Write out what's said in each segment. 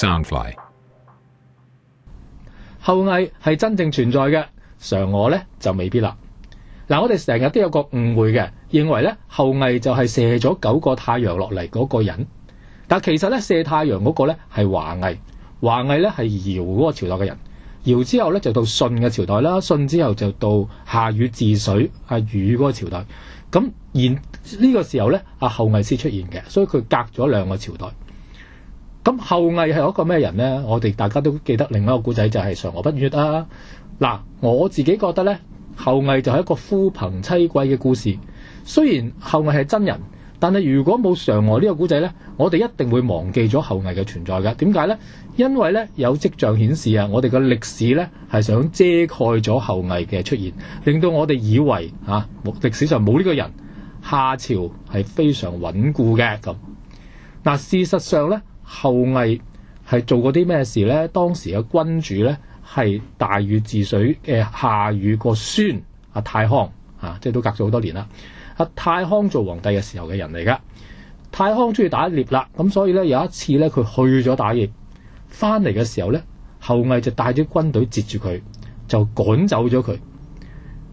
Soundfly，后羿係真正存在嘅，嫦娥呢就未必啦。嗱，我哋成日都有個誤會嘅，認為呢，后羿就係射咗九個太陽落嚟嗰個人，但其實呢，射太陽嗰個華華呢係華羿，華羿呢係堯嗰個朝代嘅人，堯之後呢，就到舜嘅朝代啦，舜之後就到夏禹治水阿禹嗰個朝代，咁然呢個時候呢，阿后羿先出現嘅，所以佢隔咗兩個朝代。咁、嗯、后羿係一個咩人咧？我哋大家都記得另外一個古仔就係嫦娥奔月啊！嗱，我自己覺得咧，后羿就係一個夫憑妻貴嘅故事。雖然后羿係真人，但係如果冇嫦娥呢個古仔咧，我哋一定會忘記咗后羿嘅存在嘅。點解咧？因為咧有迹象顯示啊，我哋嘅歷史咧係想遮蓋咗后羿嘅出現，令到我哋以為啊歷史上冇呢個人。夏朝係非常穩固嘅咁。嗱、啊，事實上咧。后羿係做過啲咩事咧？當時嘅君主咧係大禹治水嘅、呃、夏禹個孫阿太康，啊，即係都隔咗好多年啦。阿太康做皇帝嘅時候嘅人嚟噶，太康中意打獵啦，咁所以咧有一次咧佢去咗打獵，翻嚟嘅時候咧后羿就帶咗軍隊截住佢，就趕走咗佢。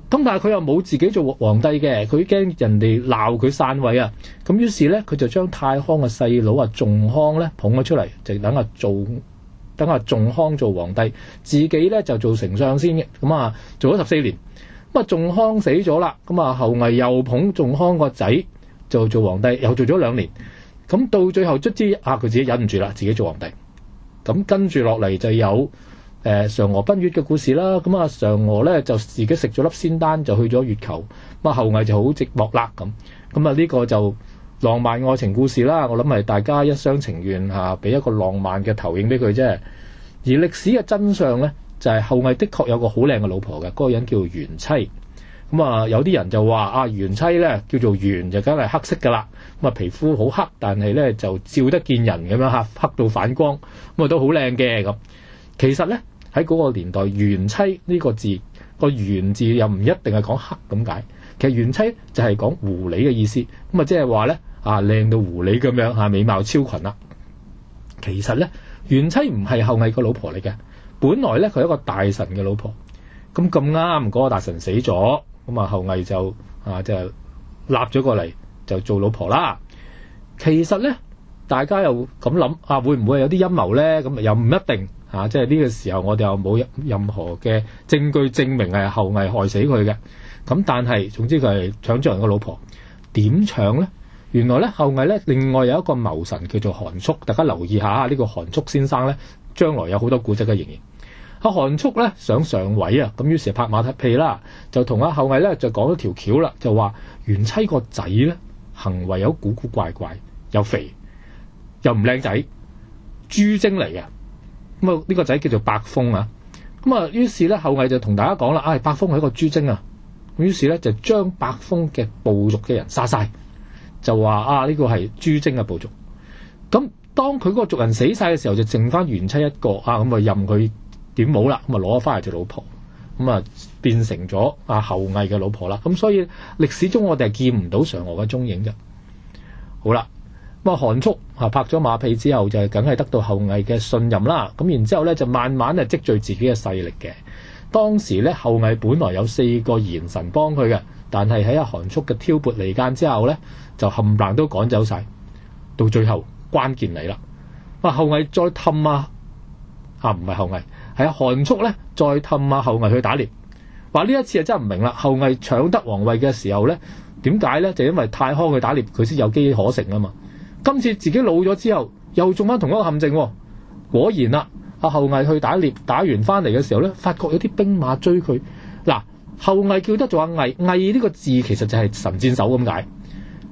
咁但係佢又冇自己做皇帝嘅，佢驚人哋鬧佢篡位啊！咁於是呢，佢就將太康嘅細佬啊仲康呢捧咗出嚟，就等啊仲等啊仲康做皇帝，自己呢就做丞相先嘅。咁啊做咗十四年，咁啊仲康死咗啦，咁啊後羿又捧仲康個仔就做皇帝，又做咗兩年，咁到最後卒之啊佢自己忍唔住啦，自己做皇帝。咁跟住落嚟就有。誒，嫦娥奔月嘅故事啦，咁啊嫦娥咧就自己食咗粒仙丹就去咗月球，咁啊后羿就好寂寞啦咁，咁啊呢個就浪漫愛情故事啦，我諗係大家一廂情願吓，俾一個浪漫嘅投影俾佢啫。而歷史嘅真相咧，就係、是、後羿的確有個好靚嘅老婆嘅，嗰、那個人叫玄妻。咁、那、啊、個、有啲人就話啊玄妻咧叫做玄就梗係黑色㗎啦，咁啊皮膚好黑，但係咧就照得見人咁樣吓，seconds, 黑到反光，咁啊都好靚嘅咁。其實咧。喺嗰個年代，元妻呢個字個元字又唔一定係講黑咁解。其實元妻就係講狐狸嘅意思咁啊，即係話呢，啊，靚到狐狸咁樣嚇，美貌超群啦。其實呢，元妻唔係後羿個老婆嚟嘅，本來呢，佢係一個大臣嘅老婆。咁咁啱嗰個大臣死咗，咁啊後羿就啊就立咗過嚟就做老婆啦。其實呢，大家又咁諗啊，會唔會有啲陰謀呢？咁又唔一定。嚇、啊，即係呢個時候，我哋又冇任何嘅證據證明係後羿害死佢嘅。咁、啊、但係總之佢係搶咗人嘅老婆，點搶呢？原來咧，後羿咧另外有一個謀神叫做韓束。大家留意下呢、這個韓束先生咧，將來有好多古跡嘅形形。阿、啊、韓束咧想上位啊，咁於是拍馬屁啦，就同阿後羿咧就講咗條橋啦，就話原妻個仔咧行為有古古怪怪，又肥又唔靚仔，豬精嚟嘅、啊。咁啊呢個仔叫做白風啊，咁啊於是咧後羿就同大家講啦，啊白風係一個豬精啊，咁於是咧就將白風嘅部族嘅人殺晒，就話啊呢、這個係豬精嘅部族。咁、啊、當佢嗰個族人死晒嘅時候，就剩翻元妻一個啊，咁、嗯、啊任佢點冇啦，咁啊攞翻嚟做老婆，咁、嗯、啊變成咗啊後羿嘅老婆啦。咁、嗯、所以歷史中我哋係見唔到嫦娥嘅蹤影嘅。好啦。咁啊，韓束啊拍咗馬屁之後，就梗係得到後羿嘅信任啦。咁然之後咧，就慢慢啊積聚自己嘅勢力嘅。當時呢，後羿本來有四個賢臣幫佢嘅，但係喺阿韓束嘅挑撥離間之後呢，就冚唪唥都趕走晒。到最後關鍵嚟啦，啊，後羿再氹啊啊，唔係後羿係韓束呢，再氹啊後羿去打獵。話呢一次啊真係唔明啦。後羿搶得皇位嘅時候呢，點解呢？就因為太康去打獵，佢先有機可乘啊嘛。今次自己老咗之後，又中翻同一個陷阱，哦。果然啦，啊，阿後羿去打獵，打完翻嚟嘅時候咧，發覺有啲兵馬追佢。嗱，後羿叫得做阿羿，羿呢，這個字其實就係神箭手咁解。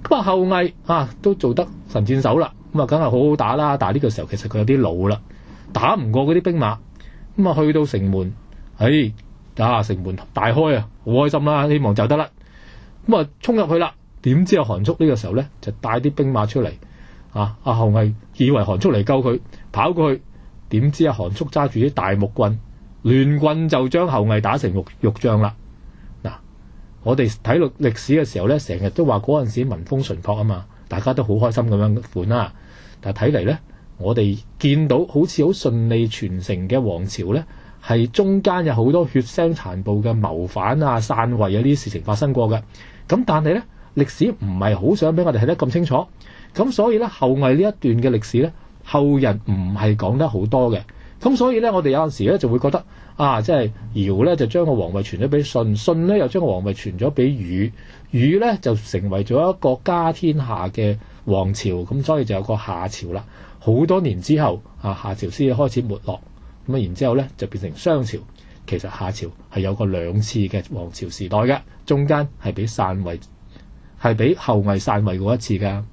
咁啊，後羿啊都做得神箭手啦，咁啊梗係好好打啦。但係呢個時候其實佢有啲老啦，打唔過嗰啲兵馬。咁啊，去到城門，唉、哎，下、啊、城門大開啊，好開心啦，啊，希望走得甩。咁啊，衝入去啦，點知阿韓叔呢個時候咧就帶啲兵馬出嚟。啊！阿后羿以為韓叔嚟救佢，跑過去，點知啊，韓叔揸住啲大木棍，亂棍就將后羿打成肉肉醬啦！嗱，我哋睇落歷史嘅時候呢，成日都話嗰陣時民風淳樸啊嘛，大家都好開心咁樣款啦。但睇嚟呢，我哋見到好似好順利傳承嘅皇朝呢，係中間有好多血腥殘暴嘅謀反啊、散位啊呢啲事情發生過嘅。咁但係呢，歷史唔係好想俾我哋睇得咁清楚。咁所以咧，後羿呢一段嘅歷史咧，後人唔係講得好多嘅。咁所以咧，我哋有陣時咧就會覺得啊，即係堯咧就將個皇位傳咗俾舜，舜咧又將個皇位傳咗俾禹，禹咧就成為咗一個家天下嘅王朝。咁、嗯、所以就有個夏朝啦。好多年之後啊，夏朝先至開始沒落咁啊。然之後咧就變成商朝。其實夏朝係有個兩次嘅皇朝時代嘅，中間係俾篡位，係俾後羿篡位過一次㗎。